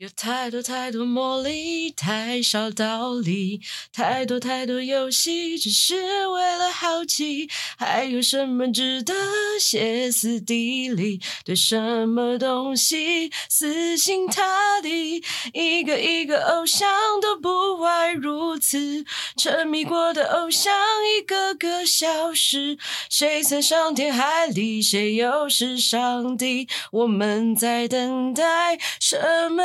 有太多太多魔力，太少道理；太多太多遊戲，只是為了好奇。還有什麼值得歇斯底里？對什麼東西死心塌地？一個一個偶像都不外如此。沉迷過的偶像一個個消失，誰曾傷天害理？誰又是上帝？我們在等待什麼？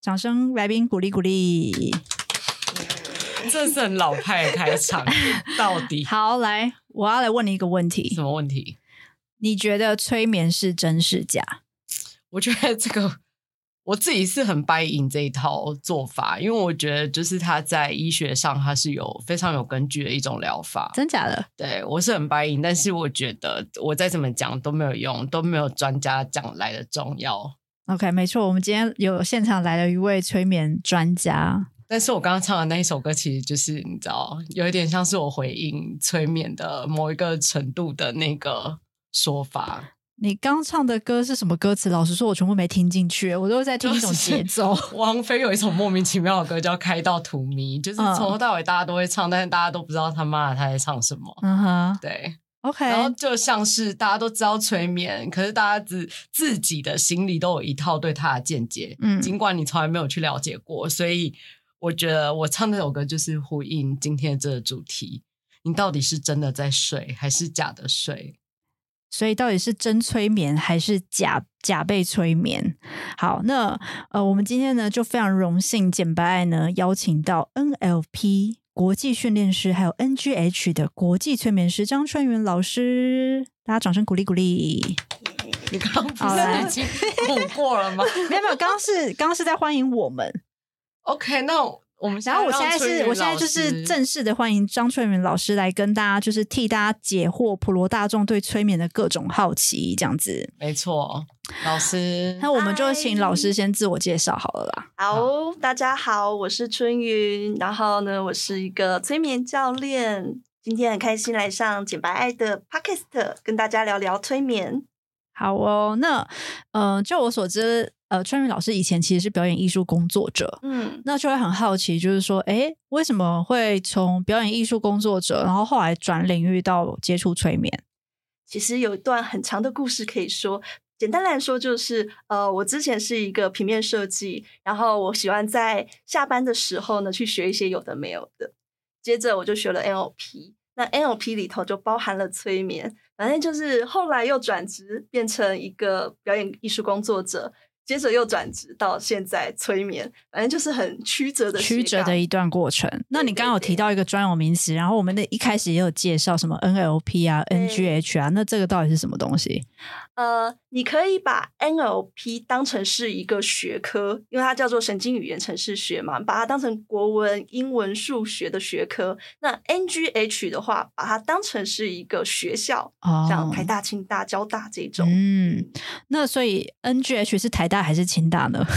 掌聲，來賓鼓勵鼓勵。這是很老派的開場， 到底。好，來，我要來問你一個問題。什麼問題？你覺得催眠是真是假？我覺得這個我自己是很 buy in 這一套做法，因為我覺得就是它在醫學上它是有非常有根據的一種療法。真假的？對，我是很 buy in，但是我覺得我再怎麼講都沒有用，都沒有專家講來的重要。OK，沒錯，我們今天有現場來了一位催眠專家。但是我剛剛唱的那一首歌，其實就是你知道，有一點像是我回應催眠的某一個程度的那個說法。你剛唱的歌是什麼歌詞？老實說，我全部沒聽進去，我都是在聽一種節奏，就是。王菲有一首莫名其妙的歌叫《開到荼蘼》，就是從頭到尾大家都會唱，嗯、但是大家都不知道他媽的他在唱什麼。嗯哼。對。Okay, 然後就像是大家都知道催眠，可是大家只，自己的心裡都有一套對它的見解，嗯，儘管你從來沒有去了解過，所以我覺得我唱這首歌就是呼應今天的這個主題，你到底是真的在睡還是假的睡？所以到底是真催眠還是假假被催眠？好，那呃，我們今天呢就非常榮幸，簡白愛呢邀請到 NLP。國際訓練師還有 NGH 的國際催眠師張春雲老師，大家掌聲鼓勵鼓勵。你剛不是已經鼓過了嗎？沒 有 沒有，剛剛是剛剛是在歡迎我們。OK，那、no.。我們想要，我現在是，我現在就是正式的歡迎張春雲老師來跟大家，就是替大家解惑普羅大眾對催眠的各種好奇，這樣子。沒錯，老師，那我們就請老師先自我介紹好了啦。Hi。好，大家好，我是春雲，然後呢，我是一個催眠教練，今天很開心來上簡白愛的 Podcast 跟大家聊聊催眠。好哦，那嗯、呃，就我所知，呃，春雲老師以前其實是表演藝術工作者，嗯，那就會很好奇，就是說，哎，為什麼會從表演藝術工作者，然後後來轉領域到接觸催眠？其實有一段很長的故事可以說，簡單來說就是，呃，我之前是一個平面設計，然後我喜歡在下班的時候呢去學一些有的沒有的，接着我就學了 NLP。那 NLP 裡頭就包含了催眠，反正就是後來又轉職變成一個表演藝術工作者。接着又轉職到現在催眠，反正就是很曲折的曲折的一段過程。那你剛有提到一個專有名詞，然後我們的一開始也有介紹什麼 NLP 啊、欸、NGH 啊，那這個到底是什麼東西？呃，你可以把 NLP 當成是一個學科，因為它叫做神經語言城市學嘛，把它當成國文、英文、數學的學科。那 NGH 的話，把它當成是一個學校，哦、像台大、清大、交大這種。嗯，那所以 NGH 是台大。還是清大呢？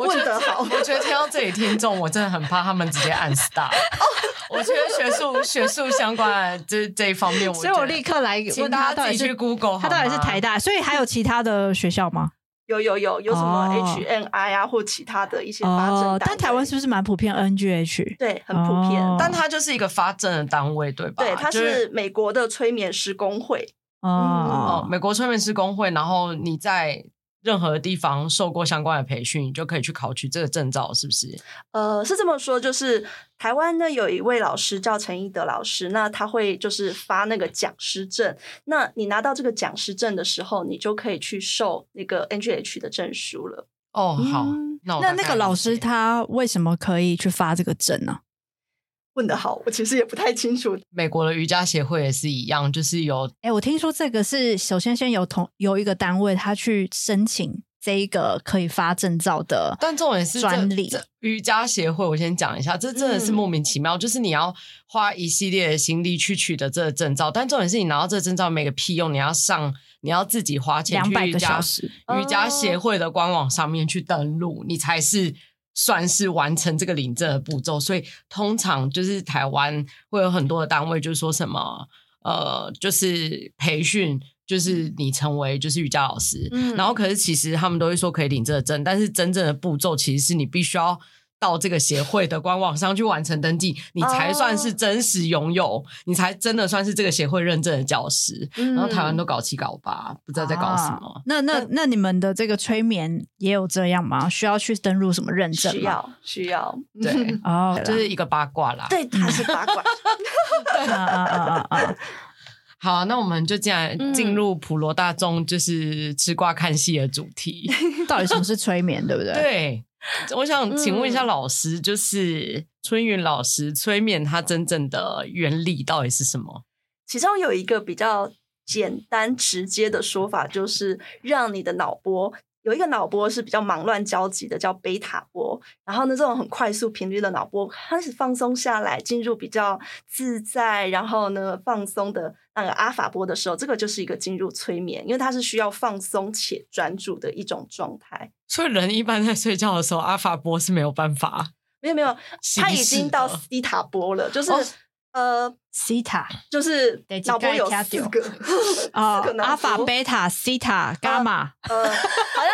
問得好笑我覺得好。 我覺得聽到這裡聽眾，我真的很怕他們直接按 star。 我覺得學術學術相關這這一方面我，所以我立刻來請問大家到底 Google，他，他到底是台大。台大 所以還有其他的學校嗎？有有有，有什麼 HNI 啊、哦，或其他的一些發證單、哦、但台灣是不是蠻普遍 NGH？對，很普遍。哦、但它就是一個發證的單位，對吧？對，它是美國的催眠師公會。啊、哦哦哦，美國催眠師工會，然後你在任何地方受過相關的培訓，你就可以去考取這個證照，是不是？呃，是這麼說，就是台灣呢，有一位老師叫陳一德老師，那他會就是發那個講師證，那你拿到這個講師證的時候，你就可以去受那個 NGH 的證書了。哦，好、嗯，那，那那個老師他為什麼可以去發這個證呢、啊？問得好，我其實也不太清楚。美國的瑜伽協會也是一樣，就是有，哎、欸，我聽說這個是首先先有同有一個單位，他去申請這一個可以發證照的，但重點是專利瑜伽協會。我先講一下，這真的是莫名其妙，嗯、就是你要花一系列的心力去取得這個證照，但重點是你拿到這個證照沒個屁用，你要上，你要自己花錢去兩百個小時瑜伽協會的官網上面去登錄，嗯、你才是。算是完成這個領證的步驟，所以通常就是台灣會有很多的單位，就是說什麼，呃，就是培訓，就是你成為就是瑜伽老師，嗯，然後可是其實他們都會說可以領這個證，但是真正的步驟其實是你必須要。到這個協會的官網上去完成登記，你才算是真實擁有，你才真的算是這個協會認證的教師，嗯。然後台灣都搞七搞八，不知道在搞什麼。啊，那那那你們的這個催眠，也有這樣嗎？需要去登入什麼認證？需要需要，對哦， 就是一個八卦啦。對，還是八卦。 啊，啊，啊，啊啊啊！好，那我們就進來進入普羅大眾就是吃瓜看戲的主題。嗯、 到底什麼是催眠？對不對？對。我想請問一下老師，嗯，就是春雲老師催眠，它真正的原理到底是什麼？其中有一個比較簡單直接的說法，就是讓你的腦波。有一個腦波是比較忙亂焦急的，叫貝塔波。然後呢，這種很快速頻率的腦波開始放鬆下來，進入比較自在，然後呢放鬆的那個阿法波的時候，這個就是一個進入催眠，因為它是需要放鬆且專注的一種狀態。所以人一般在睡覺的時候，阿法波是沒有辦法，沒有沒有，他已經到西塔波了，就是。哦。呃，西塔就是腦波有四個啊，阿爾法、貝 塔個男、 哦、西 塔、伽、呃、馬，呃，好像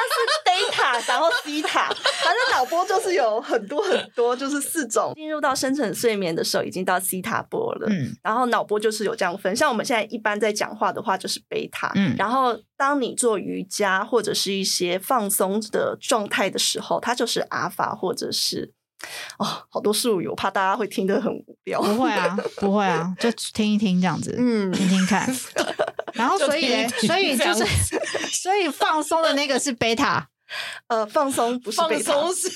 是 delta 然後西塔，反正腦波就是有很多很多，就是四種。進 入到深層睡眠的時候，已經到西塔波了。嗯，然後腦波就是有這樣分，像我們現在一般在講話的話，就是貝塔。嗯，然後當你做瑜伽或者是一些放鬆的狀態的時候，它就是阿法或者是。哦，好多術語，我怕大家會聽得很無聊。不會啊，不會啊，就聽一聽這樣子，嗯，聽聽看。然後，所以，所以，所以就是， 所以放鬆的那個是貝塔。呃，放鬆不是 beta, 放鬆是，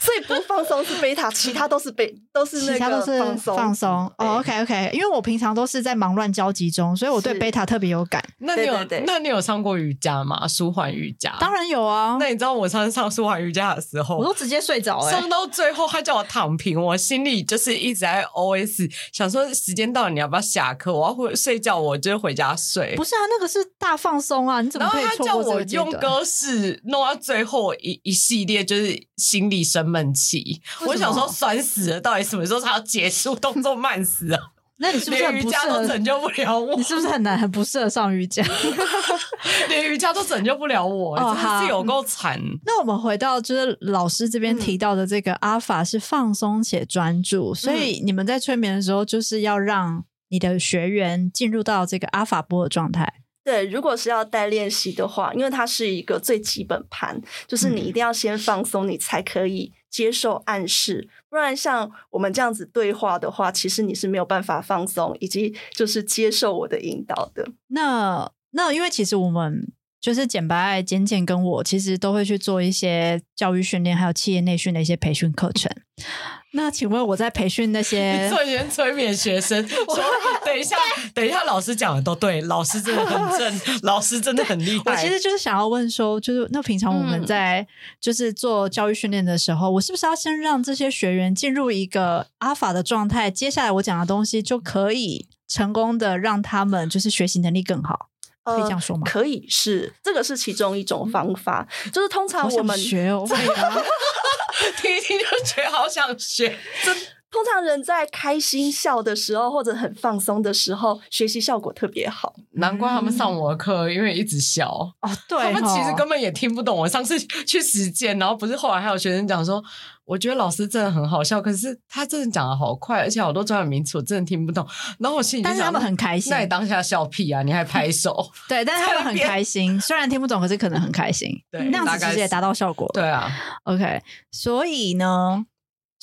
所以不放鬆是貝塔， 其他都是貝，都是其他都是放鬆放鬆。哦、oh，OK OK，因為我平常都是在忙亂交集中，所以我對貝塔特別有感。那你有對對對，那你有上過瑜伽嗎？舒緩瑜伽？當然有啊。那你知道我上次上舒緩瑜伽的時候，我都直接睡着了，欸。上到最後，他叫我躺平，我心裡就是一直在 OS，想說時間到了，你要不要下課？我要睡覺，我就回家睡。不是啊，那個是大放鬆啊，你怎麼可以，然後他叫我用歌式弄？最後一一系列就是心裡生悶氣，我想說酸死了，到底什麼時候才要結束？動作慢死啊！ 那你是不是連瑜伽都拯救不了我？你是不是很難很不適合上瑜伽？ 連瑜伽都拯救不了我，oh, 真是有夠慘。那我們回到就是老師這邊提到的這個阿法、嗯、是放鬆且專注，所以你們在催眠的時候就是要讓你的學員進入到這個阿法波的狀態。對，如果是要帶練習的話，因為它是一個最基本盤，就是你一定要先放鬆，你才可以接受暗示，嗯。不然像我們這樣子對話的話，其實你是沒有辦法放鬆，以及就是接受我的引導的。那那因為其實我們就是簡白簡簡跟我，其實都會去做一些教育訓練，還有企業內訓的一些培訓課程。 那請問我在培訓那些做 人催眠學生，我說等一下等一下老師講的都對，老師真的很正，老師真的很厲害。 我其實就是想要問說，就是那平常我們在就是做教育訓練的時候，我是不是要先讓這些學員進入一個阿法的狀態，接下來我講的東西就可以成功的讓他們就是學習能力更好。呃、可以這樣說嗎？可以是，這個是其中一種方法，嗯、就是通常我們我好想學哦， 聽一聽就覺得好想學， 真的。通常人在開心笑的時候，或者很放鬆的時候，學習效果特別好。難怪他們上我的課，嗯，因為一直笑。哦，對哦，他們其實根本也聽不懂。我上次去實踐，然後不是後來還有學生講說，我覺得老師真的很好笑，可是他真的講得好快，而且好多專業名詞我真的聽不懂。然後我心裡，但是他們很開心。那你當下笑屁啊？你還拍手？ 對，但是他們很開心， 雖然聽不懂，可是可能很開心。對，那樣子其實也達到效果。對啊。OK，所以呢？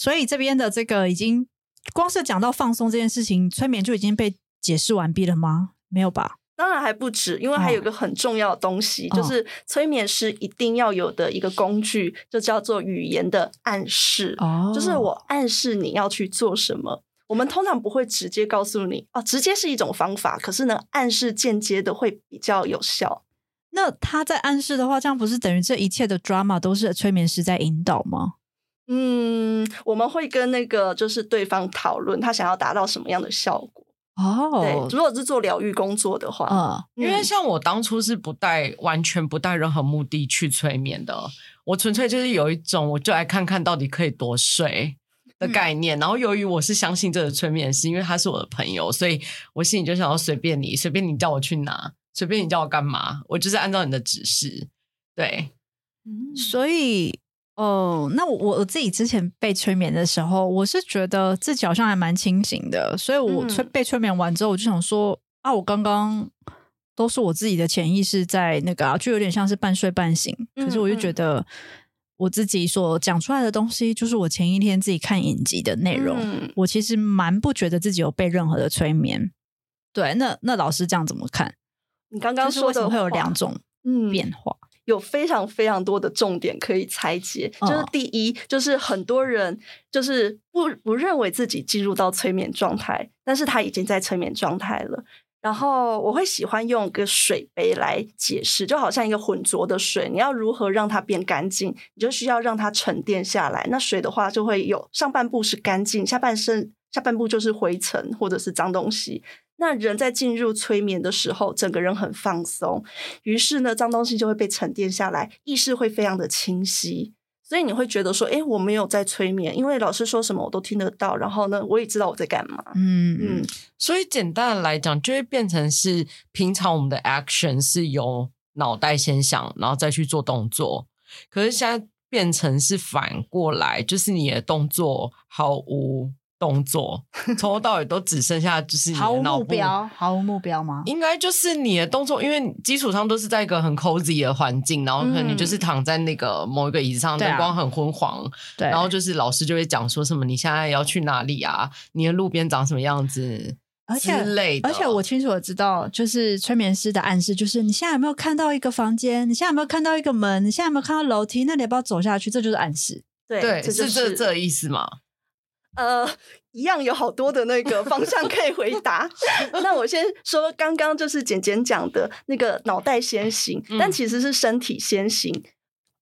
所以這邊的這個已經光是講到放鬆這件事情，催眠就已經被解釋完畢了嗎？沒有吧？當然還不止，因為還有一個很重要的東西，哦，就是催眠師一定要有的一個工具，就叫做語言的暗示。哦，就是我暗示你要去做什麼，我們通常不會直接告訴你啊，哦，直接是一種方法，可是呢，暗示間接的會比較有效。那他在暗示的話，這樣不是等於這一切的 drama 都是催眠師在引導嗎？嗯，我們會跟那個就是對方討論他想要達到什麼樣的效果哦。Oh. 對，如果是做療癒工作的話，uh. 嗯，因為像我當初是不帶完全不帶任何目的去催眠的，我純粹就是有一種我就來看看到底可以多睡的概念。嗯，然後由於我是相信這個催眠師，因為他是我的朋友，所以我心裡就想要隨便你，隨便你叫我去拿，隨便你叫我幹嘛，我就是按照你的指示。對，嗯，所以。哦、呃，那我我自己之前被催眠的時候，我是覺得自己好像還蠻清醒的，所以，我催被催眠完之後，我就想說、嗯、啊，我剛剛都是我自己的潛意識在那個、啊，就有點像是半睡半醒。可是，我就覺得我自己所講出來的東西，就是我前一天自己看影集的內容、嗯。我其實蠻不覺得自己有被任何的催眠。對，那那老師這樣怎麼看？你剛剛說怎、就是、麼會有兩種變化？嗯有非常非常多的重點可以拆解，就是第一，就是很多人就是不不認為自己進入到催眠狀態，但是他已經在催眠狀態了。然後我會喜歡用一個水杯來解釋，就好像一個渾濁的水，你要如何讓它變乾淨？你就需要讓它沉澱下來。那水的話就會有上半部是乾淨，下半身下半部就是灰塵或者是髒東西。那人在進入催眠的時候，整個人很放鬆，於是呢，髒東西就會被沉澱下來，意識會非常的清晰，所以你會覺得說，哎、欸，我沒有在催眠，因為老師說什麼我都聽得到，然後呢，我也知道我在幹嘛。嗯嗯，所以簡單來講，就會變成是平常我們的 action 是由腦袋先想，然後再去做動作，可是現在變成是反過來，就是你的動作毫無。動作從頭到尾都只剩下就是你的 毫無目標，毫無目標嗎？應該就是你的動作，因為基礎上都是在一個很 cozy 的環境，然後可能你就是躺在那個某一個椅子上，燈、嗯、光很昏黃、啊，然後就是老師就會講說什麼，你現在要去哪裡啊？你的路邊長什麼樣子？而且，而且我清楚的知道，就是催眠師的暗示就是你現在有沒有看到一個房間？你現在有沒有看到一個門？你現在有沒有看到樓梯？那你要不要走下去？這就是暗示。對，對這就是，是這，這意思嗎？呃，一樣有好多的那個方向可以回答。 那我先說，剛剛就是簡簡講的那個腦袋先行、嗯，但其實是身體先行。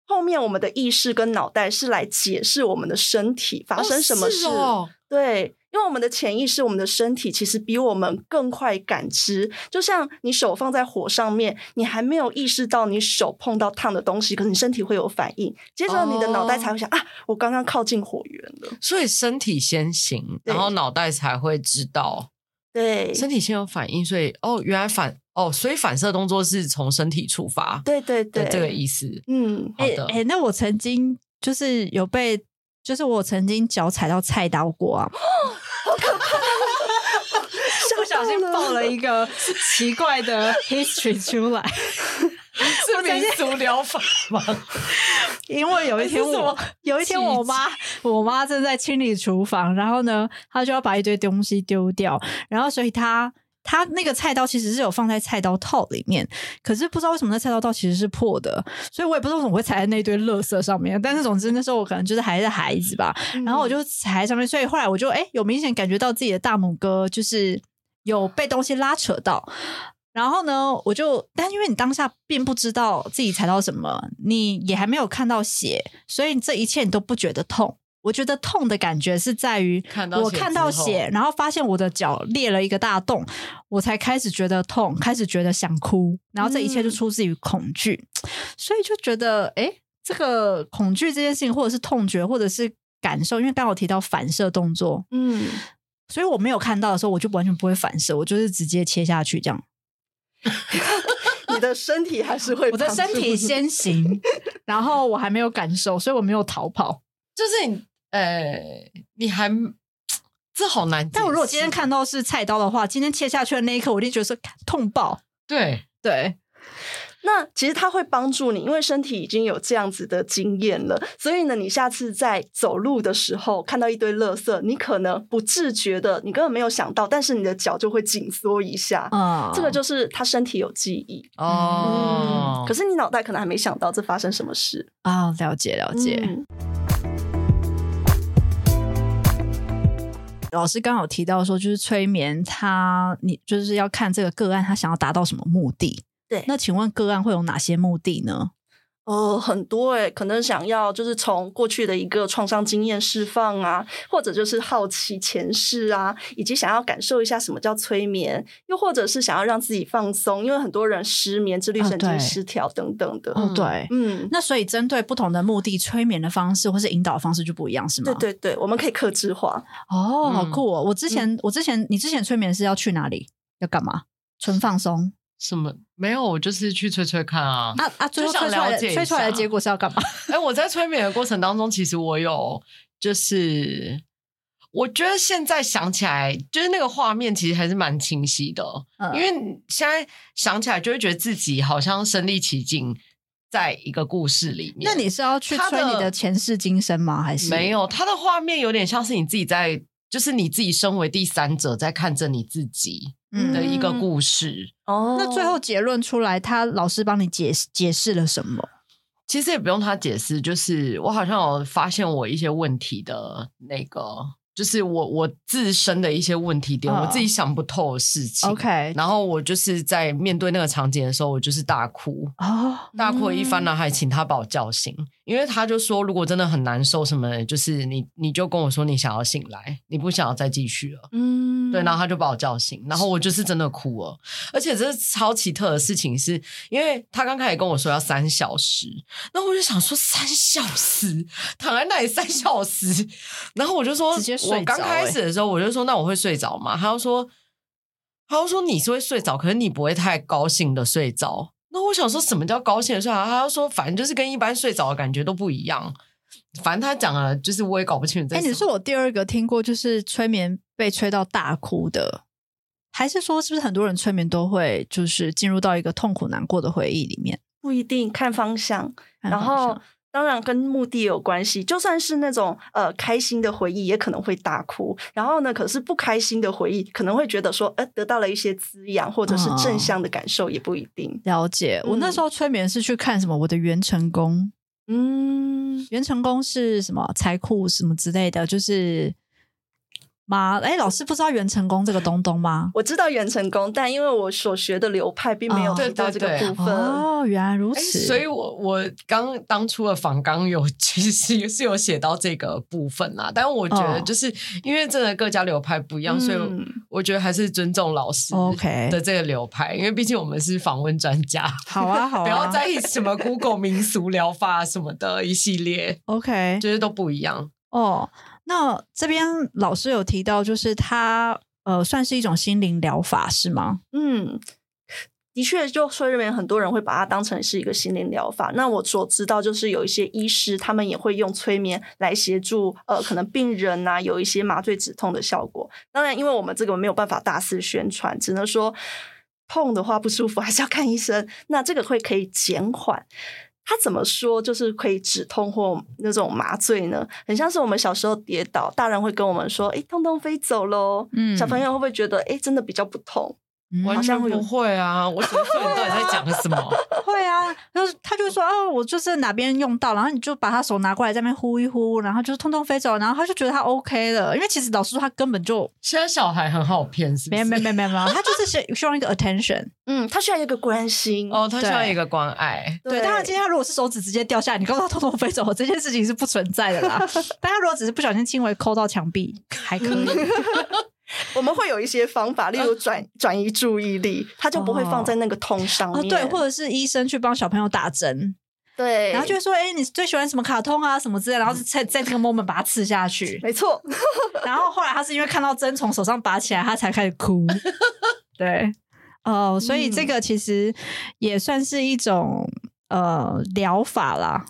後面我們的意識跟腦袋是來解釋我們的身體發生什麼事，哦哦、對。因為我們的潛意識，我們的身體其實比我們更快感知。就像你手放在火上面，你還沒有意識到你手碰到燙的東西，可是你身體會有反應，接着你的腦袋才會想、哦、啊，我剛剛靠近火源了。所以身體先行，然後腦袋才會知道。對，身體先有反應，所以哦，原來反哦，所以反射動作是從身體出發。對對對，對，這個意思。嗯，哎哎、欸欸，那我曾經就是有被。就是我曾經腳踩到菜刀過啊，不 小心爆了一個奇怪的 history 出來， 是民族療法嗎？ 因為有一天我有一天我媽我媽正在清理廚房，然後呢，她就要把一堆東西丟掉，然後所以她。他那個菜刀其實是有放在菜刀套裡面，可是不知道為什麼那菜刀套其實是破的，所以我也不知道怎麼會踩在那堆垃圾上面。但是總之那時候我可能就是還是孩子吧，然後我就踩在上面，所以後來我就哎有明顯感覺到自己的大拇哥就是有被東西拉扯到，然後呢我就但因為你當下並不知道自己踩到什麼，你也還沒有看到血，所以這一切你都不覺得痛。我覺得痛的感覺是在於我看到血，然後發現我的腳裂了一個大洞，我才開始覺得痛，開始覺得想哭，然後這一切就出自於恐懼，所以就覺得哎、欸，這個恐懼這件事情，或者是痛覺，或者是感受，因為剛我提到反射動作，嗯，所以我沒有看到的時候，我就完全不會反射，我就是直接切下去這樣。你的身體還是會，我的身體先行，然後我還沒有感受，所以我沒有逃跑，就是你。呃，你還這好難。但我如果今天看到是菜刀的話，今天切下去的那一刻，我就覺得是痛爆。對對。那其實它會幫助你，因為身體已經有這樣子的經驗了，所以呢，你下次在走路的時候看到一堆垃圾，你可能不自覺的，你根本沒有想到，但是你的腳就會緊縮一下。啊、oh.，這個就是他身體有記憶。哦、oh. 嗯。可是你腦袋可能還沒想到這發生什麼事啊、oh,？了解了解。嗯老師剛好提到說，就是催眠他，他你就是要看這個個案他想要達到什麼目的。對，那請問個案會有哪些目的呢？哦，很多哎、欸，可能想要就是從過去的一個創傷經驗釋放啊，或者就是好奇前世啊，以及想要感受一下什麼叫催眠，又或者是想要讓自己放鬆，因為很多人失眠、自律神經失調等等的。哦，對，嗯，那所以針對不同的目的，催眠的方式或是引導的方式就不一樣，是嗎？對對對，我們可以客製化。哦、嗯，好酷哦！我之前、嗯、我之前你之前催眠是要去哪裡？要幹嘛？純放鬆。什麼沒有？我就是去催催看啊！啊啊！就想了解一下，催出來的結果是要幹嘛？哎、 欸，我在催眠的過程當中，其實我有，就是我覺得現在想起來，就是那個畫面其實還是蠻清晰的、嗯。因為現在想起來，就會覺得自己好像身臨其境，在一個故事裡面。那你是要去催你的前世今生嗎？還是沒有？他的畫面有點像是你自己在。就是你自己身為第三者在看着你自己的一個故事哦、嗯。那最後結論出來，他老師幫你解釋解釋了什麼？其實也不用他解釋，就是我好像有發現我一些問題的那個。就是我我自身的一些問題點，oh. 我自己想不透的事情。OK，然後我就是在面對那個場景的時候，我就是大哭，oh, 大哭了一番了，還請他把我叫醒，嗯、因為他就說，如果真的很難受什麼的，就是你你就跟我說你想要醒來，你不想要再繼續了。嗯，對，然後他就把我叫醒，然後我就是真的哭了。而且這是超奇特的事情是，是因為他剛開始跟我說要三小時，那我就想說三小時躺在那裡三小時，然後我就說直接說。我剛開始的時候，我就說那我會睡着嘛？ 他就說，他就說你是會睡着，可是你不會太高興的睡着。那我想說什麼叫高興的睡著？他又說，反正就是跟一般睡着的感覺都不一樣。反正他講了，就是我也搞不清楚。哎、欸，你是我第二個聽過就是催眠被催到大哭的，還是說是不是很多人催眠都會就是進入到一個痛苦難過的回憶裡面？不一定，看方向。然後。當然跟目的有關係，就算是那種呃開心的回憶，也可能會大哭。然後呢，可是不開心的回憶，可能會覺得說，呃得到了一些滋養，或者是正向的感受，也不一定、嗯。了解，我那時候催眠是去看什麼？我的元辰宮，嗯，元辰宮是什麼？財庫什麼之類的，就是。嗎？哎，老師不知道袁成功這個東東嗎？我知道袁成功，但因為我所學的流派並沒有提到這個部分哦，對對對哦。原來如此，所以我我剛當初的訪綱有其實是有寫到這個部分啦。但我覺得就是、哦、因為真的各家流派不一樣，嗯、所以我覺得還是尊重老師 OK 的這個流派，因為畢竟我們是訪問專家。好啊，好啊， 不要在意什麼 Google 民俗療法什麼的一系列 OK，、哦、就是都不一樣哦。那這邊老師有提到，就是它呃，算是一種心靈療法是嗎？嗯，的確，就催眠很多人會把它當成是一個心靈療法。那我所知道，就是有一些醫師他們也會用催眠來協助呃，可能病人吶、啊、有一些麻醉止痛的效果。當然，因為我們這個沒有辦法大肆宣傳，只能說痛的話不舒服還是要看醫生。那這個會可以減緩。他怎麼說就是可以止痛或那種麻醉呢？很像是我們小時候跌倒，大人會跟我們說：“哎，痛痛飛走嘍。”小朋友會不會覺得：“哎，真的比較不痛？”完全不會啊！ 我怎麼知道你到底在講什麼。 會啊，他就說啊、哦，我就是哪邊用到，然後你就把他手拿過來這邊呼一呼，然後就是通通飛走，然後他就覺得他 OK 了。因為其實老實說他根本就現在小孩很好騙，是不是？沒有沒有沒有沒有，他就是需要一個 attention， 嗯，他需要一個關心哦，他需要一個關愛，對。對當然，今天他如果是手指直接掉下來，你告訴他通通飛走，這件事情是不存在的啦。 但他如果只是不小心輕微摳到牆壁，還可以。 我們會有一些方法，例如轉轉、啊、移注意力，它就不會放在那個痛上啊，對，或者是醫生去幫小朋友打針，對，然後就會說，哎、欸，你最喜歡什麼卡通啊，什麼之類的，然後在在這個 moment 把它刺下去，沒、嗯、錯，然後後來他是因為看到針從手上拔起來，他才開始哭， 對，哦、呃、所以這個其實也算是一種呃療法啦。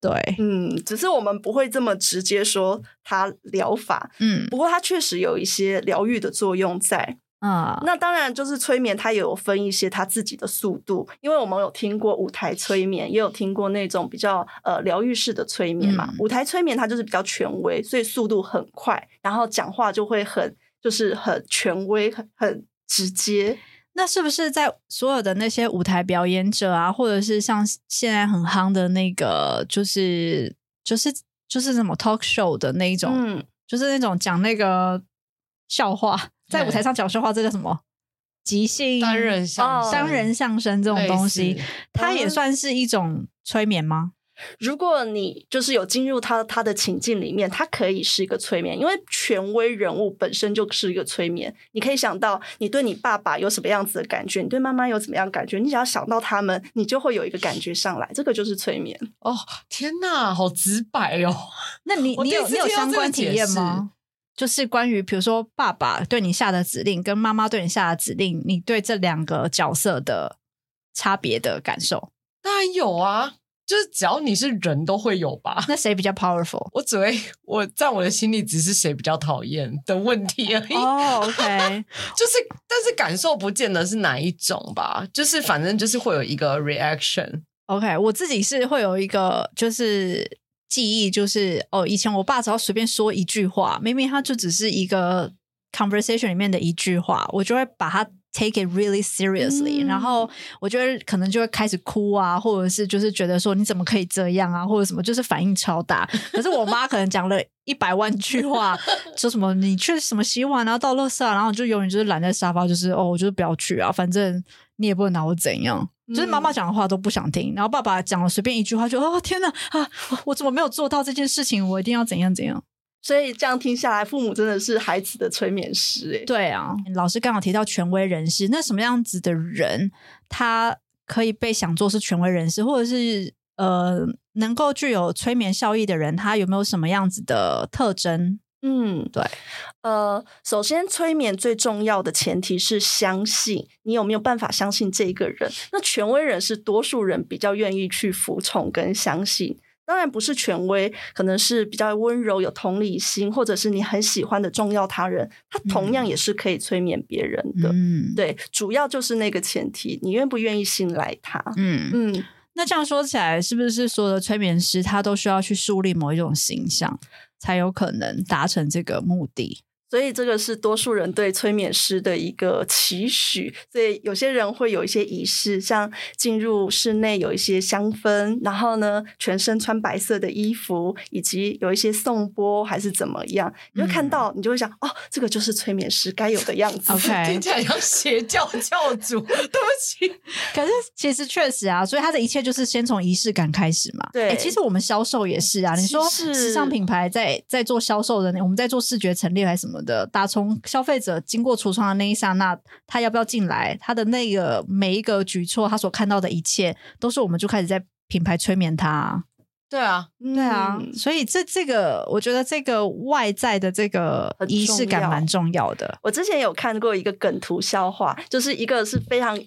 對，嗯，只是我們不會這麼直接說它療法，嗯，不過它確實有一些療癒的作用在，啊，那當然就是催眠，它也有分一些它自己的速度，因為我們有聽過舞台催眠，也有聽過那種比較呃療癒式的催眠嘛，嗯、舞台催眠它就是比較權威，所以速度很快，然後講話就會很就是很權威很很直接。那是不是在所有的那些舞台表演者啊，或者是像現在很夯的那個，就是就是就是什麼 talk show 的那一種，嗯，就是那種講那個笑話，在舞台上講笑話，這叫什麼？即興單人相、哦、單人相聲這種東西，它也算是一種催眠嗎？如果你就是有進入他他的情境裡面，他可以是一個催眠，因為權威人物本身就是一個催眠。你可以想到你對你爸爸有什麼樣子的感覺，你對媽媽有什麼樣感覺？你只要想到他們，你就會有一個感覺上來，這個就是催眠。哦，天哪，好直白哦！那你你有你有相關體驗嗎？就是關於比如說爸爸對你下的指令跟媽媽對你下的指令，你對這兩個角色的差別的感受？當然有啊。就是只要你是人都會有吧。那誰比較 powerful？我只會我在我的心裡只是誰比較討厭的問題而已。o、oh, k、okay. 就是但是感受不見得是哪一種吧，就是反正就是會有一個 reaction。OK，我自己是會有一個就是記憶，就是哦，以前我爸只要隨便說一句話，明明他就只是一個 conversation 裡面的一句話，我就會把他。Take it really seriously，、嗯、然後我就會，可能就會開始哭啊，或者是就是覺得說，你怎麼可以這樣啊，或者什麼，就是反應超大。可是我媽可能講了一百萬句話， 說什麼你去什麼洗碗啊，倒垃圾啊，然後就永遠就是懶在沙發，就是哦，我就是不要去啊，反正你也不能拿我怎樣，就是媽媽講的話都不想聽。然後爸爸講了隨便一句話就，就哦天吶，啊我，我怎麼沒有做到這件事情？我一定要怎樣怎樣。所以這樣聽下來，父母真的是孩子的催眠師欸。對啊，老師剛好提到權威人士，那什麼樣子的人，他可以被想做是權威人士，或者是呃能夠具有催眠效益的人，他有沒有什麼樣子的特徵？嗯，對。呃，首先，催眠最重要的前提是相信，你有沒有辦法相信這一個人？那權威人士，多數人比較願意去服從跟相信。當然不是權威，可能是比較溫柔、有同理心，或者是你很喜歡的重要他人，他同樣也是可以催眠別人的。嗯、對，主要就是那個前提，你願不願意信賴他？嗯嗯。那這樣說起來，是不是所有的催眠師他都需要去樹立某一種形象，才有可能達成這個目的？所以這個是多數人對催眠師的一個期許，所以有些人會有一些儀式，像進入室內有一些香氛，然後呢，全身穿白色的衣服，以及有一些頌缽還是怎麼樣，你就看到，你就會想、嗯、哦，這個就是催眠師該有的樣子。OK，聽起來像邪教教主，對不起。可是其實確實啊，所以他的一切就是先從儀式感開始嘛。對，欸、其實我們銷售也是啊，你說時尚品牌在在做銷售的，我們在做視覺陳列還是什麼？的打從消費者經過櫥窗的那一剎那，他要不要進來，他的那個每一個舉措，他所看到的一切，都是我們就開始在品牌催眠他。對啊，對啊，嗯、所以這這個，我覺得這個外在的這個儀式感蠻重要的，很重要。我之前有看過一個梗圖笑話就是一個是非常。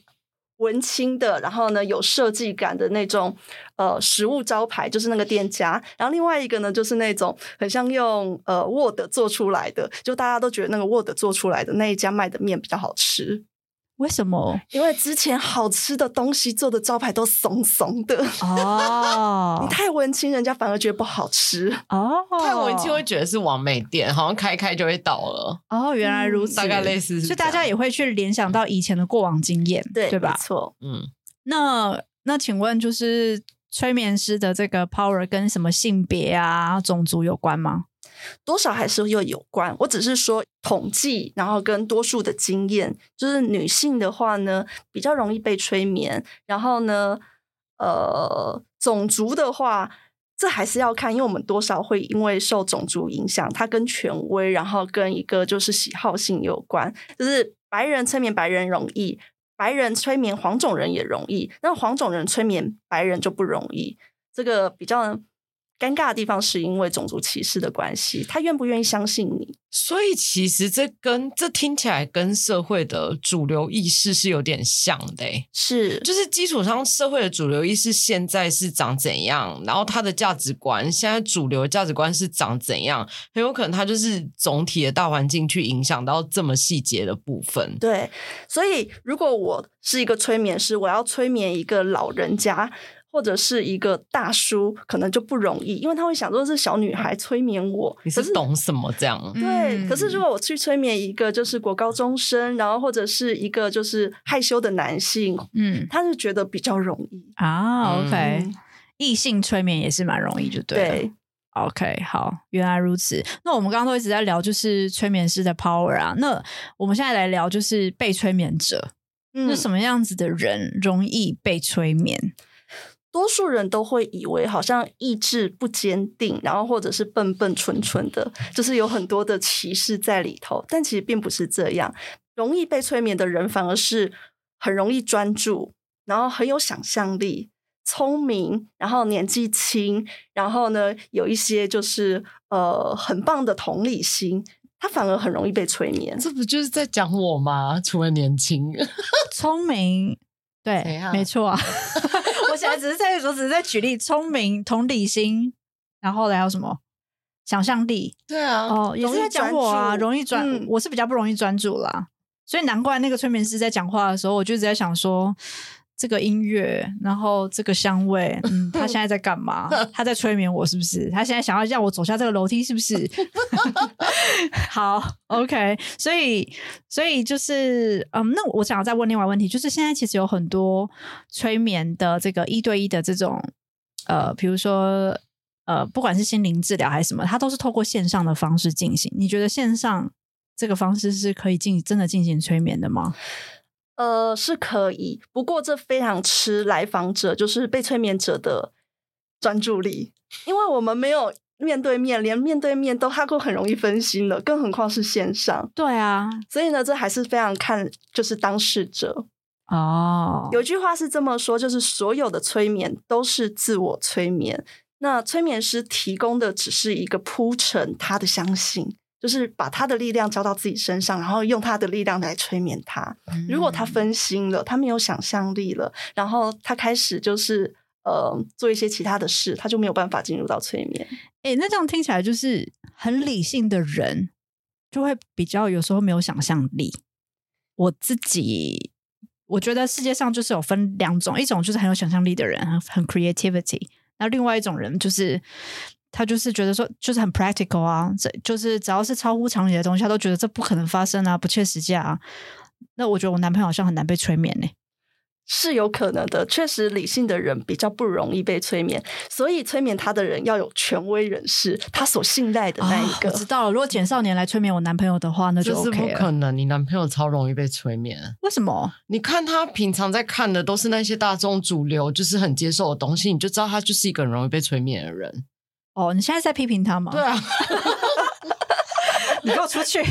文青的，然後呢，有設計感的那種，呃，食物招牌就是那個店家。然後另外一個呢，就是那種很像用呃 Word 做出來的，就大家都覺得那個 Word 做出來的那一家賣的麵比較好吃。為什麼？因為之前好吃的東西做的招牌都鬆松的哦、oh. 你太文青，人家反而覺得不好吃哦。Oh. 太文青會覺得是網美店，好像開開就會倒了哦。Oh, 原來如此，嗯、大概類似是，所以大家也會去聯想到以前的過往經驗，對對吧？錯，嗯。那那，請問就是。催眠師的這個 power 跟什麼性別啊、種族有關嗎？多少還是又有，有關？我只是說統計，然後跟多數的經驗，就是女性的話呢，比較容易被催眠。然後呢，呃，種族的話，這還是要看，因為我們多少會因為受種族影響，它跟權威，然後跟一個就是喜好性有關，就是白人催眠白人容易。白人催眠黃種人也容易，那黃種人催眠白人就不容易。這個比較尷尬的地方，是因為種族歧視的關係，他願不願意相信你？所以其實這跟這聽起來跟社會的主流意識是有點像的欸，是就是基礎上社會的主流意識現在是長怎樣，然後他的價值觀現在主流價值觀是長怎樣，很有可能它就是總體的大環境去影響到這麼細節的部分。對，所以如果我是一個催眠師，我要催眠一個老人家。或者是一個大叔，可能就不容易，因為他會想說這小女孩催眠我、嗯，你是懂什麼這樣？對、嗯。可是如果我去催眠一個就是國高中生，然後或者是一個就是害羞的男性，嗯，他就覺得比較容易啊。嗯、OK，異性催眠也是蠻容易就對，就對。OK，好，原來如此。那我們剛剛都一直在聊就是催眠師的 power 啊，那我們現在來聊就是被催眠者，那、嗯、什麼樣子的人容易被催眠？多數人都會以為好像意志不堅定，然後或者是笨笨蠢蠢的，就是有很多的歧視在裡頭。但其實並不是這樣，容易被催眠的人反而是很容易專注，然後很有想象力、聰明，然後年紀輕，然後呢有一些就是呃很棒的同理心，他反而很容易被催眠。這不就是在講我嗎？除了年輕、 聰明。對，沒錯。啊。啊 我現在只是在說，我只是在舉例，聰明、同理心，然後後來還有什麼想象力對啊，哦，也是在講我啊，容易轉、嗯，我是比較不容易專注啦，所以難怪那個催眠師在講話的時候，我就一直在想說，這個音樂，然後這個香味，嗯，他現在在幹嘛？他 在催眠我，是不是？他現在想要讓我走下這個樓梯，是不是？ 好，OK，所以，所以就是，嗯，那我想要再問另外一個問題，就是現在其實有很多催眠的這個一對一的這種，呃，比如說，呃，不管是心靈治療還是什麼，它都是透過線上的方式進行。你覺得線上這個方式是可以進真的進行催眠的嗎？呃，是可以，不過這非常吃來訪者，就是被催眠者的專注力，因為我們沒有。面對面，連面對面都他夠很容易分心了，更何況是線上。對啊，所以呢，這還是非常看就是當事者哦。有句話是這麼說，就是所有的催眠都是自我催眠，那催眠師提供的只是一個鋪陳他的相信，就是把他的力量交到自己身上，然後用他的力量來催眠他。如果他分心了，嗯、他沒有想象力了，然後他開始就是。呃，做一些其他的事，他就沒有辦法進入到催眠。哎，那這樣聽起來就是很理性的人，就會比較有時候沒有想象力。我自己我覺得世界上就是有分兩種，一種就是很有想象力的人，很很 creativity。那另外一種人就是他就是覺得說就是很 practical 啊，這就是只要是超乎常理的東西，他都覺得這不可能發生啊，不切實際啊。那我覺得我男朋友好像很難被催眠呢？是有可能的，確實理性的人比較不容易被催眠，所以催眠他的人要有權威人士，他所信賴的那一個。啊、我知道了，如果簡少年來催眠我男朋友的話，那就，OK 就是不可能。你男朋友超容易被催眠，為什麼？你看他平常在看的都是那些大眾主流，就是很接受的東西，你就知道他就是一個很容易被催眠的人。哦，你現在在批評他嗎？對啊， 你給我出去。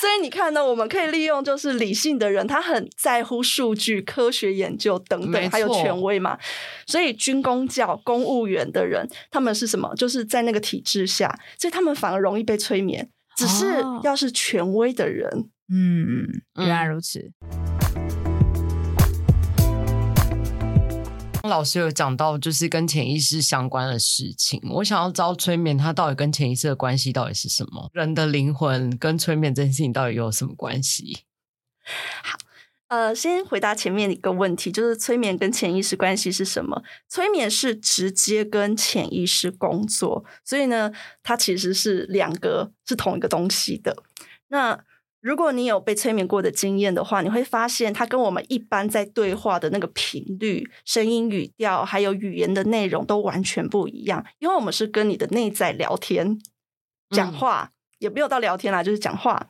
所以你看呢，我們可以利用就是理性的人，他很在乎數據、科學研究等等，還有權威嘛。所以軍公教公務員的人，他們是什麼？就是在那個體制下，所以他們反而容易被催眠。只是要是權威的人，哦、嗯，原來如此。老師有講到，就是跟潛意識相關的事情。我想要知道催眠它到底跟潛意識的關係到底是什麼？人的靈魂跟催眠這件事情到底有什麼關係？好，呃，先回答前面一個問題，就是催眠跟潛意識關係是什麼？催眠是直接跟潛意識工作，所以呢，它其實是兩個是同一個東西的。那如果你有被催眠過的經驗的話，你會發現它跟我們一般在對話的那個頻率、聲音、語調，還有語言的內容都完全不一樣。因為我們是跟你的內在聊天、講話，嗯，也沒有到聊天啦，就是講話。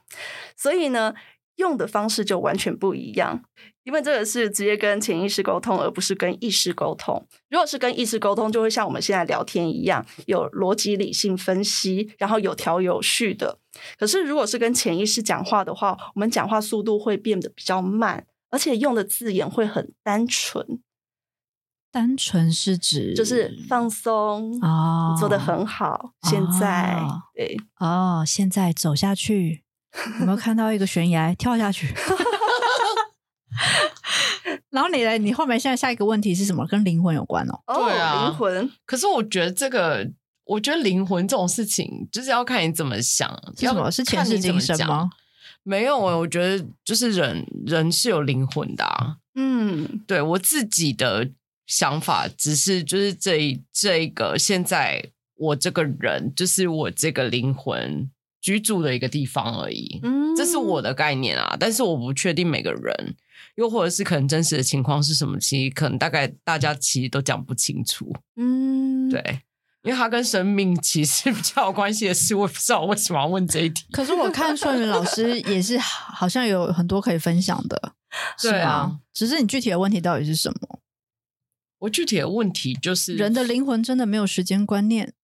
所以呢。用的方式就完全不一樣，因為這個是直接跟潛意識溝通，而不是跟意識溝通。如果是跟意識溝通，就會像我們現在聊天一樣，有邏輯、理性分析，然後有條有序的。可是如果是跟潛意識講話的話，我們講話速度會變得比較慢，而且用的字眼會很單純。單純是指就是放鬆啊、哦，做得很好。哦、現在哦對哦，現在走下去。 有沒有看到一個懸崖跳下去？ 然後你嘞，你後面現在下一個問題是什麼？跟靈魂有關哦。Oh, 對、啊，靈魂。可是我覺得這個，我覺得靈魂這種事情，就是要看你怎麼想。是什麼？是前世今生嗎？沒有，我覺得就是人人是有靈魂的、啊。嗯，對我自己的想法，只是就是這一這一個。現在我這個人，就是我這個靈魂居住的一個地方而已，嗯。這是我的概念啊。但是我不確定每個人，又或者是可能真實的情況是什麼，其實可能大概大家其實都講不清楚。嗯，對，因為他跟生命其實比較有關係的事，我也不知道我為什麼要問這一題。可是我看春雲老師也是好像有很多可以分享的 是，對啊。只是你具體的問題到底是什麼？我具體的問題就是，人的靈魂真的沒有時間觀念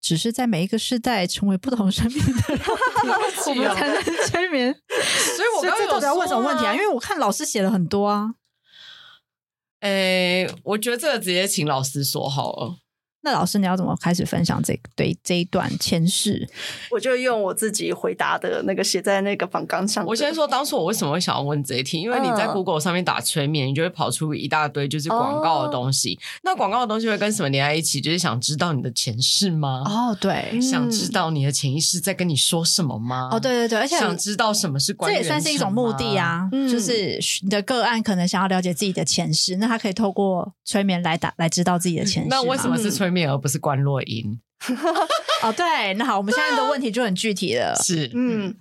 只是在每一個時代成為不同生命的人、 啊、我們才能催眠。 所以我最近到底要問什麼問題啊？因為我看老師寫了很多啊。誒、哎，我覺得這個直接請老師說好了。那老師，你要怎麼開始分享這對這一段前世？我就用我自己回答的那個寫在那個方框上。 我先說，當初我為什麼會想要問這一題？因為你在 Google 上面打催眠，你就會跑出一大堆就是廣告的東西。哦、那廣告的東西會跟什麼連在一起？就是想知道你的前世嗎？哦，對，想知道你的潛意識在跟你說什麼嗎？哦，對對對，而且想知道什麼是關這也算是一種目的啊、嗯，就是你的個案可能想要了解自己的前世，那他可以透過催眠來打來知道自己的前世嗎。那為什麼是催眠、嗯？眠？面而不是觀落陰哦，對，那好，我們現在的問題就很具體了。啊、是，嗯，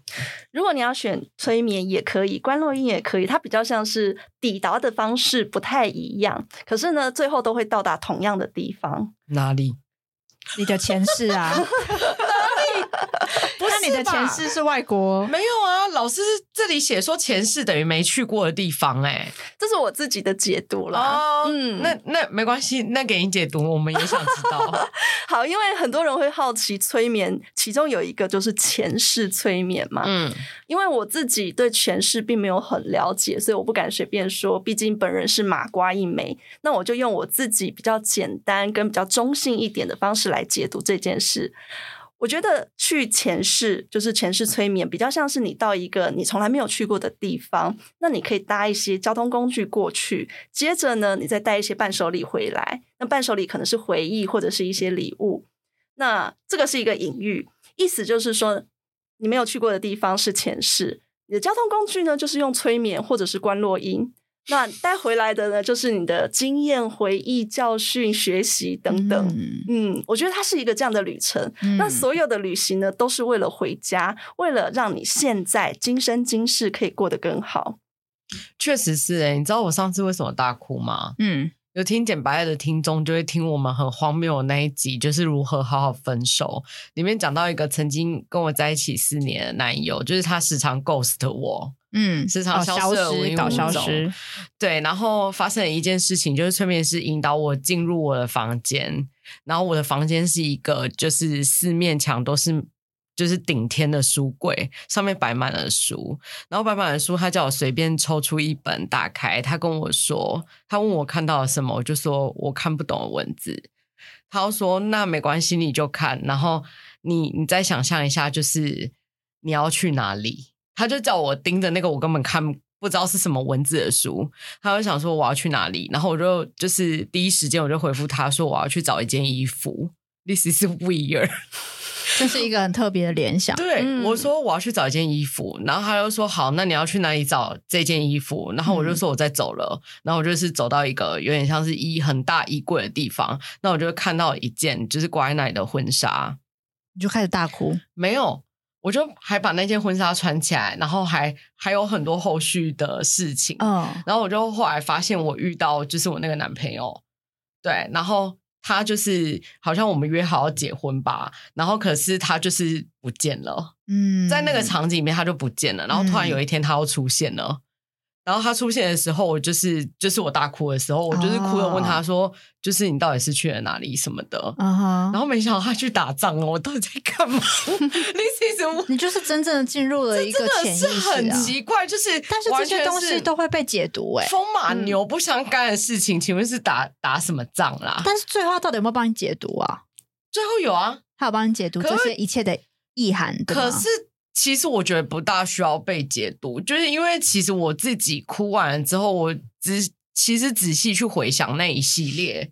如果你要選催眠也可以，觀落陰也可以，它比較像是抵達的方式不太一樣，可是呢，最後都會到達同樣的地方。哪裡？你的前世啊。 不是吧？你的前世是外國？沒有啊，老師這裡寫說前世等於沒去過的地方。欸，哎，這是我自己的解讀了。嗯、哦，那那沒關係，那給你解讀，我們也想知道。 好，因為很多人會好奇催眠，其中有一個就是前世催眠嘛。嗯，因為我自己對前世並沒有很了解，所以我不敢隨便說，畢竟本人是麻瓜一枚。那我就用我自己比較簡單跟比較中性一點的方式來解讀這件事。我覺得去前世就是前世催眠，比較像是你到一個你從來沒有去過的地方，那你可以搭一些交通工具過去，接着呢，你再帶一些伴手禮回來。那伴手禮可能是回憶或者是一些禮物。那這個是一個隱喻，意思就是說你沒有去過的地方是前世，你的交通工具呢，就是用催眠或者是觀落陰。那帶回來的呢，就是你的經驗、回憶、教訓、學習等等嗯。嗯，我覺得它是一個這樣的旅程，嗯。那所有的旅行呢，都是為了回家，為了讓你現在今生今世可以過得更好。確實是哎、欸，你知道我上次為什麼大哭嗎？嗯，有聽簡白的聽眾就會聽我們很荒謬的那一集，就是如何好好分手。裡面講到一個曾經跟我在一起四年的男友，就是他時常 ghost 我。嗯，時常消失，哦、消失無影無蹤，消失。對，然後發生了一件事情，就是催眠師引導我進入我的房間，然後我的房間是一個，就是四面牆都是，就是頂天的書櫃，上面擺滿了書，然後擺滿了書，他叫我隨便抽出一本，打開，他跟我說，他問我看到了什麼，我就說我看不懂的文字，他說那沒關係，你就看，然後你你再想象一下，就是你要去哪裡。他就叫我盯着那個我根本看不知道是什麼文字的書，他就想說我要去哪裡，然後我就就是第一時間我就回復他說我要去找一件衣服，this is weird，這是一個很特別的聯想。 對、嗯，我說我要去找一件衣服，然後他就說好，那你要去哪裡找這件衣服？然後我就說我在走了，嗯、然後我就是走到一個有點像是衣很大衣櫃的地方，那我就看到一件就是乖奶的婚紗。你就開始大哭？沒有。我就還把那件婚紗穿起來，然後還還有很多後續的事情。Oh. 然後我就後來發現我遇到就是我那個男朋友，對，然後他就是好像我們約好要結婚吧，然後可是他就是不見了。嗯，mm-hmm. 在那個場景裡面他就不見了，然後突然有一天他又出現了。然後他出現的時候，我就是就是我大哭的時候，我就是哭着問他說：“ uh -huh. 就是你到底是去了哪裡什麼的？” uh -huh. 然後沒想到他去打仗了，我到底在幹嘛 你？你就是真正的進入了一個潛意識、啊，這個是很奇怪，就是但是這些東西都會被解讀。哎，風馬牛不相干的事情，嗯、請問是打打什麼仗啦？但是最後他到底有沒有幫你解讀啊？最後有啊，他有幫你解讀這些一切的意涵，可，可是。其實我覺得不大需要被解讀，就是因為其實我自己哭完了之後，我只其實仔細去回想那一系列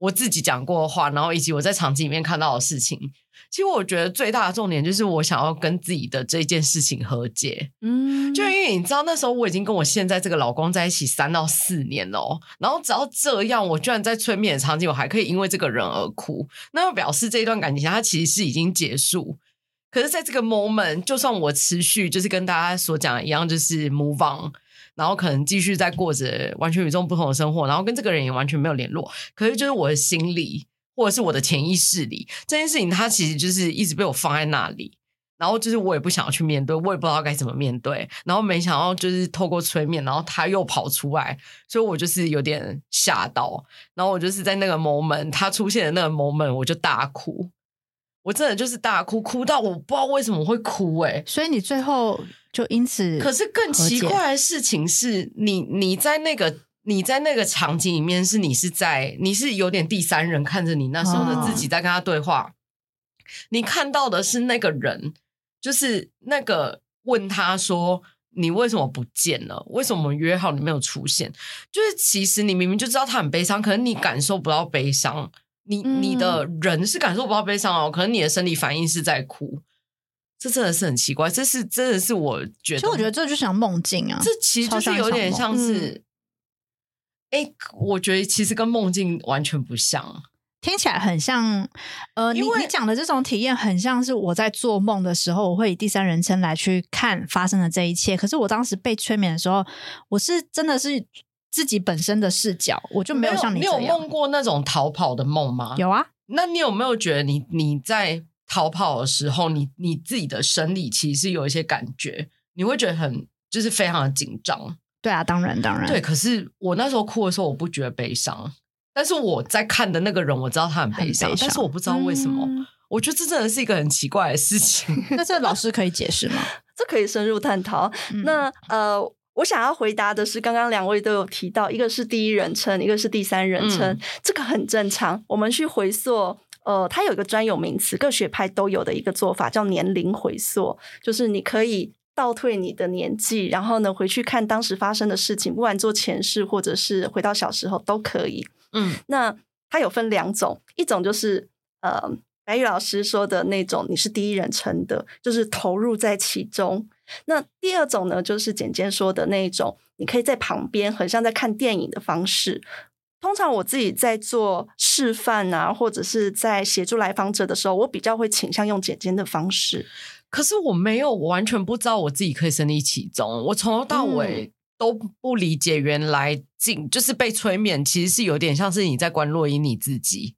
我自己講過的話，然後以及我在場景裡面看到的事情，其實我覺得最大的重點就是我想要跟自己的這件事情和解。嗯，就因為你知道那時候我已經跟我現在這個老公在一起三到四年了哦，然後只要這樣，我居然在催眠的場景我還可以因為這個人而哭，那又表示這一段感情它其實是已經結束。可是，在這個 moment，就算我持續就是跟大家所講的一樣，就是 move on，然後可能繼續在過着完全與眾不同的生活，然後跟這個人也完全沒有聯絡。可是，就是我的心裡，或者是我的潛意識裡，這件事情，它其實就是一直被我放在那裡。然後，就是我也不想要去面對，我也不知道該怎麼面對。然後，沒想到就是透過催眠，然後它又跑出來，所以我就是有點嚇到。然後，我就是在那個 moment，它出現的那個 moment，我就大哭。我真的就是大哭，哭到我不知道為什麼會哭哎、欸。所以你最後就因此，可是更奇怪的事情是，你你在那個你在那個場景裡面，是你是在你是有點第三人看着你那時候的自己在跟他對話。Oh. 你看到的是那個人，就是那個問他說：“你為什麼不見了？為什麼約好你沒有出現？”就是其實你明明就知道他很悲傷，可是你感受不到悲傷。你你的人是感受不到悲傷哦，可能你的生理反應是在哭，這真的是很奇怪。這是真的是我覺得，其實我覺得這就像夢境啊，這其實就是有點像是，哎、嗯，欸，我覺得其實跟夢境完全不像，聽起來很像。呃，因為你，你講的這種體驗很像是我在做夢的時候，我會以第三人稱來去看發生的這一切。可是我當時被催眠的時候，我是真的是。自己本身的視角，我就沒有像你沒有。你有夢過那種逃跑的夢嗎？有啊。那你有沒有覺得你，你你在逃跑的時候，你你自己的生理其實是有一些感覺？你會覺得很就是非常的緊張。對啊，當然當然。對，可是我那時候哭的時候，我不覺得悲傷。但是我在看的那個人，我知道他很悲傷，但是我不知道為什麼、嗯。我覺得這真的是一個很奇怪的事情。 那這老師可以解釋嗎、啊？這可以深入探討、嗯。那呃。我想要回答的是，剛剛兩位都有提到，一個是第一人稱，一個是第三人稱，嗯，這個很正常。我們去回溯，呃，它有一個專有名詞，各學派都有的一個做法叫年齡回溯，就是你可以倒退你的年紀，然後呢回去看當時發生的事情，不管做前世或者是回到小時候都可以。嗯，那它有分兩種，一種就是呃。白玉老師說的那種，你是第一人稱的，就是投入在其中。那第二種呢，就是簡簡說的那種，你可以在旁邊，很像在看電影的方式。通常我自己在做示範啊，或者是在協助來訪者的時候，我比較會傾向用簡簡的方式。可是我沒有，我完全不知道我自己可以身臨其中。我從頭到尾都不理解原來進、嗯、就是被催眠，其實是有點像是你在觀落陰你自己。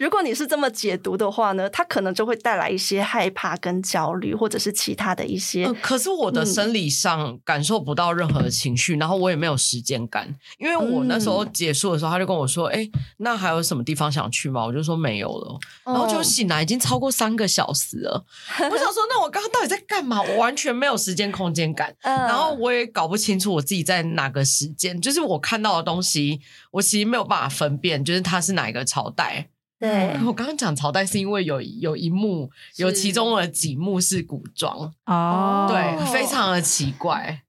如果你是這麼解讀的話呢，它可能就會帶來一些害怕跟焦慮，或者是其他的一些。嗯、可是我的生理上感受不到任何的情緒、嗯，然後我也沒有時間感。因為我那時候結束的時候，他就跟我說：“哎、嗯，那還有什麼地方想去嗎？”我就說沒有了，然後就醒來，已經超過三個小時了、嗯。我想說，那我剛剛到底在幹嘛？我完全沒有時間空間感、嗯，然後我也搞不清楚我自己在哪個時間。就是我看到的東西，我其實沒有辦法分辨，就是它是哪一個朝代。對、嗯、我剛剛講朝代是因為有一有一幕有其中的幾幕是古裝哦，對，非常的奇怪。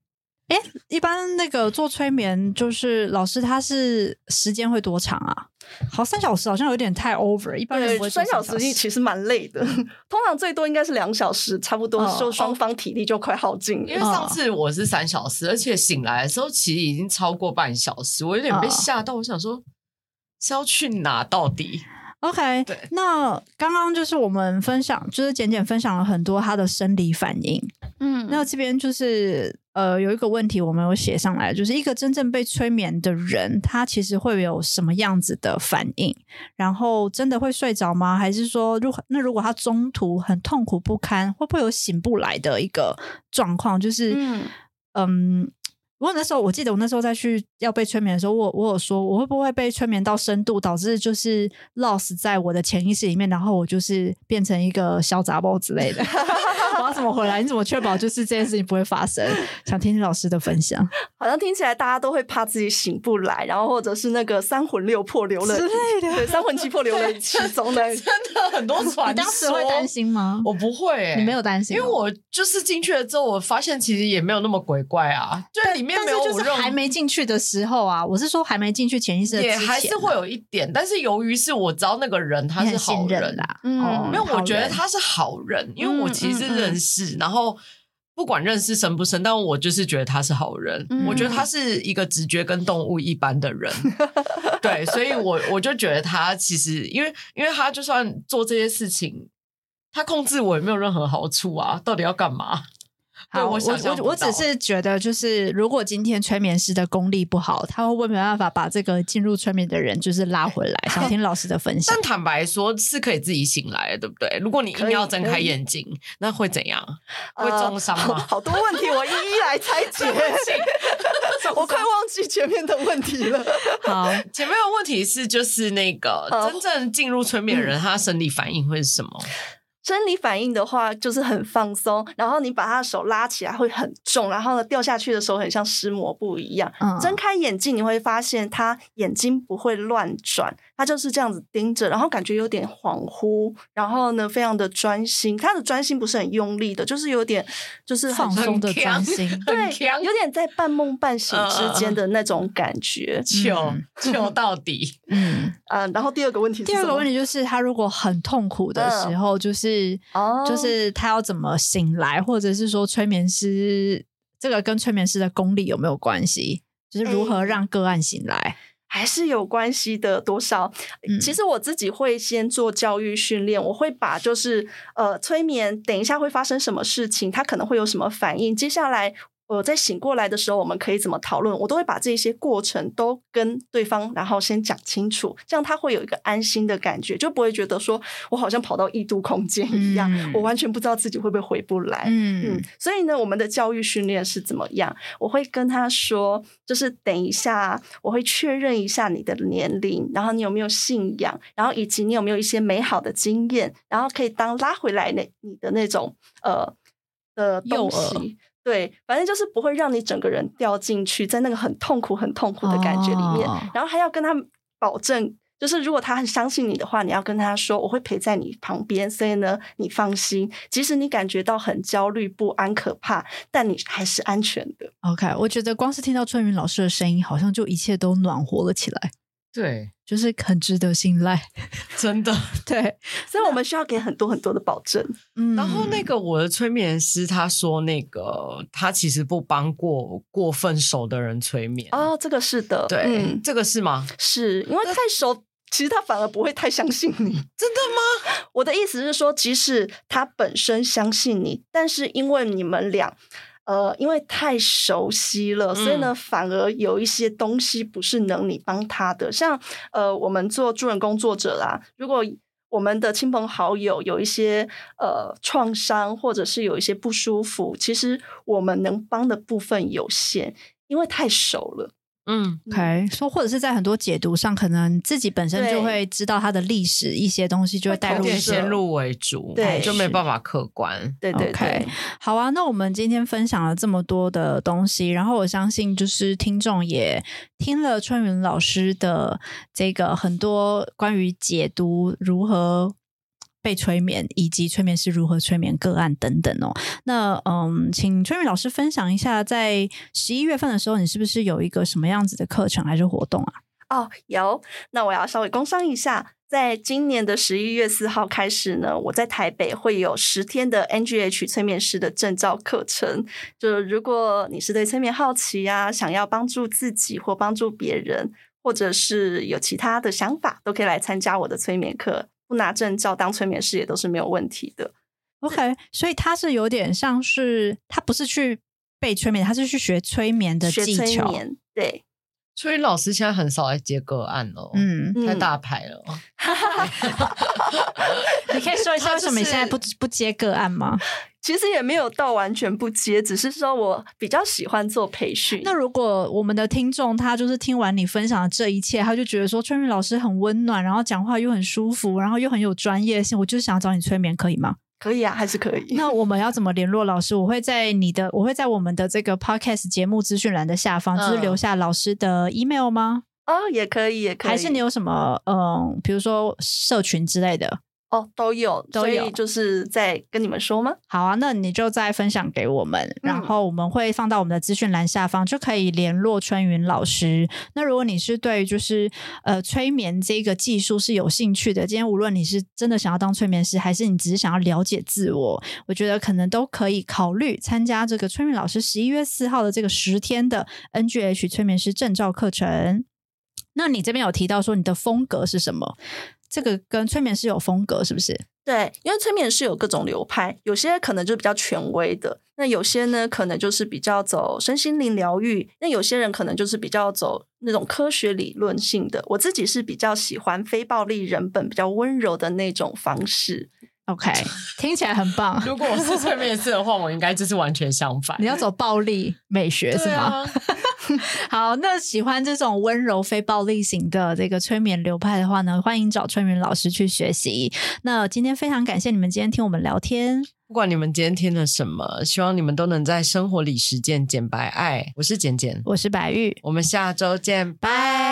哎、哦，一般那個做催眠，就是老師他是時間會多長啊？好，三小時好像有點太 over，一般人三小時，三小時其實蠻累的。通常最多應該是兩小時，差不多就雙方體力就快耗盡、哦哦。因為上次我是三小時，而且醒來的時候其實已經超過半小時，我有點被嚇到，我想說、哦、是要去哪到底？OK，那剛剛就是我們分享，就是簡簡分享了很多他的生理反應。嗯，那這邊就是呃，有一個問題我沒有寫上來，就是一個真正被催眠的人，他其實會有什麼樣子的反應？然後真的會睡着嗎？還是說，如那如果他中途很痛苦不堪，會不會有醒不來的一個狀況？就是嗯。嗯不過那時候我記得，我那時候在去要被催眠的時候，我我有說我會不會被催眠到深度，導致就是 lost 在我的潛意識裡面，然後我就是變成一個小雜包之類的。 我要怎麼回來？你怎麼確保就是這件事情不會發生？想聽聽老師的分享。好像聽起來大家都會怕自己醒不來，然後或者是那個三魂六魄流了之類的， 對，三魂七魄流了去總能。 真的很多傳說。你當時會擔心嗎？我不會。欸，你沒有擔心？喔，因為我就是進去了之後，我發現其實也沒有那麼鬼怪啊，對裡面對。但是就是還沒進去的時候啊，我是說還沒進去潛意識，也還是會有一點。但是由於是我知道那個人，他是好人啦，嗯，因為我覺得他是好人，因為我其實認識，然後不管認識深不深，但我就是覺得他是好人。我覺得他是一個直覺跟動物一般的人， 對，所以我我就覺得他其實，因為因為他就算做這些事情，他控制我也沒有任何好處啊，到底要幹嘛？對好，我想我，我，我只是覺得，就是如果今天催眠師的功力不好，他會不會沒辦法把這個進入催眠的人就是拉回來？想聽老師的分析，啊。但坦白說是可以自己醒來的，對不對？如果你硬要睜開眼睛，那會怎樣？呃、會重傷嗎？好好，好多問題，我一一來猜解。解 不起。 我快忘記前面的問題了。好，好，前面的問題是，就是那個真正進入催眠的人，嗯，他生理反應會是什麼？生理反應的話，就是很放鬆。然後你把他的手拉起來會很重，然後呢，掉下去的時候很像濕抹布一樣。嗯。睜開眼睛，你會發現他眼睛不會亂轉。他就是這樣子盯着，然後感覺有點恍惚，然後呢，非常的專心。他的專心不是很用力的，就是有點，就是放鬆的專心。對，有點在半夢半醒之間的那種感覺，呃、求求到底。嗯嗯、啊。然後第二個問題是，第二個問題就是，他如果很痛苦的時候，就是哦，嗯 oh. 就是他要怎麼醒來，或者是說，催眠師這個跟催眠師的功力有沒有關係？就是如何讓個案醒來？嗯還是有關係的，多少，其實我自己會先做教育訓練，我會把就是呃催眠，等一下會發生什麼事情，他可能會有什麼反應，接下來。我在醒過來的時候，我們可以怎麼討論？我都會把這些過程都跟對方，然後先講清楚，這樣他會有一個安心的感覺，就不會覺得說我好像跑到異度空間一樣，嗯，我完全不知道自己會不會回不來。嗯嗯，所以呢，我們的教育訓練是怎麼樣？我會跟他說，就是等一下，我會確認一下你的年齡，然後你有沒有信仰，然後以及你有沒有一些美好的經驗，然後可以當拉回來那你的那種呃的東西。對，反正就是不會讓你整個人掉進去，在那個很痛苦、很痛苦的感覺裡面，哦。然後還要跟他保證，就是如果他很相信你的話，你要跟他說，我會陪在你旁邊。所以呢，你放心，即使你感覺到很焦慮、不安、可怕，但你還是安全的。OK，我覺得光是聽到春雲老師的聲音，好像就一切都暖和了起來。對，就是很值得信賴， 真的對，所以我們需要給很多很多的保證。嗯，然後那個我的催眠師他說，那個他其實不幫過過分熟的人催眠。哦，這個是的，對，嗯，這個是嗎？是因為太熟，其實他反而不會太相信你，真的嗎？我的意思是說，即使他本身相信你，但是因為你們倆。呃，因為太熟悉了，嗯，所以呢，反而有一些東西不是能你幫他的。像呃，我們做助人工作者啦，如果我們的親朋好友有一些呃創傷，或者是有一些不舒服，其實我們能幫的部分有限，因為太熟了。嗯，OK，說，或者是在很多解讀上，可能自己本身就會知道它的歷史一些東西，就會帶入一些先入為主，對，就沒辦法客觀。對，對對對，okay, 好啊，那我們今天分享了這麼多的東西，然後我相信就是聽眾也聽了春云老師的這個很多關於解讀如何。被催眠，以及催眠師如何催眠個案等等哦。那嗯，請催眠老師分享一下，在十一月份的時候，你是不是有一個什麼樣子的課程還是活動啊？哦，有。那我要稍微工商一下，在今年的十一月四號開始呢，我在台北會有十天的 NGH 催眠師的證照課程。就如果你是對催眠好奇啊，想要幫助自己或幫助別人，或者是有其他的想法，都可以來參加我的催眠課。不拿證照當催眠師也都是沒有問題的。OK，所以他是有點像是他不是去被催眠，他是去學催眠的技巧。催眠，對，所以老師現在很少來接個案了。嗯，太大牌了。嗯、 你可以說一下為什麼你現在不不接個案嗎？其實也沒有到完全不接，只是說我比較喜歡做培訓。那如果我們的聽眾他就是聽完你分享的這一切，他就覺得說春雲老師很溫暖，然後講話又很舒服，然後又很有專業性，我就是想找你催眠，可以嗎？可以啊，還是可以。那我們要怎麼聯絡老師？我會在你的，我會在我們的這個 podcast 節目資訊欄的下方，就是留下老師的 email 嗎？嗯、哦，也可以，也可以。還是你有什麼嗯，比如說社群之類的？哦，都有，都有，所以就是在跟你們說嗎？好啊，那你就再分享給我們，嗯，然後我們會放到我們的資訊欄下方，就可以聯絡春雲老師。那如果你是對於就是呃催眠這個技術是有興趣的，今天無論你是真的想要當催眠師，還是你只是想要了解自我，我覺得可能都可以考慮參加這個春雲老師十一月四號的這個十天的 NGH 催眠師證照課程。那你這邊有提到說你的風格是什麼？這個跟催眠是有風格，是不是？對，因為催眠是有各種流派，有些可能就比較權威的，那有些呢可能就是比較走身心靈療癒，那有些人可能就是比較走那種科學理論性的。我自己是比較喜歡非暴力人本比較溫柔的那種方式。OK，聽起來很棒。 如果我是催眠師的話，我應該就是完全相反。你要走暴力美學是嗎？ 對啊、 好，那喜歡這種溫柔非暴力型的這個催眠流派的話呢，歡迎找催眠老師去學習。那今天非常感謝你們今天聽我們聊天，不管你們今天聽了什麼，希望你們都能在生活裡實踐簡白愛。我是簡簡，我是白玉，我們下周見，拜。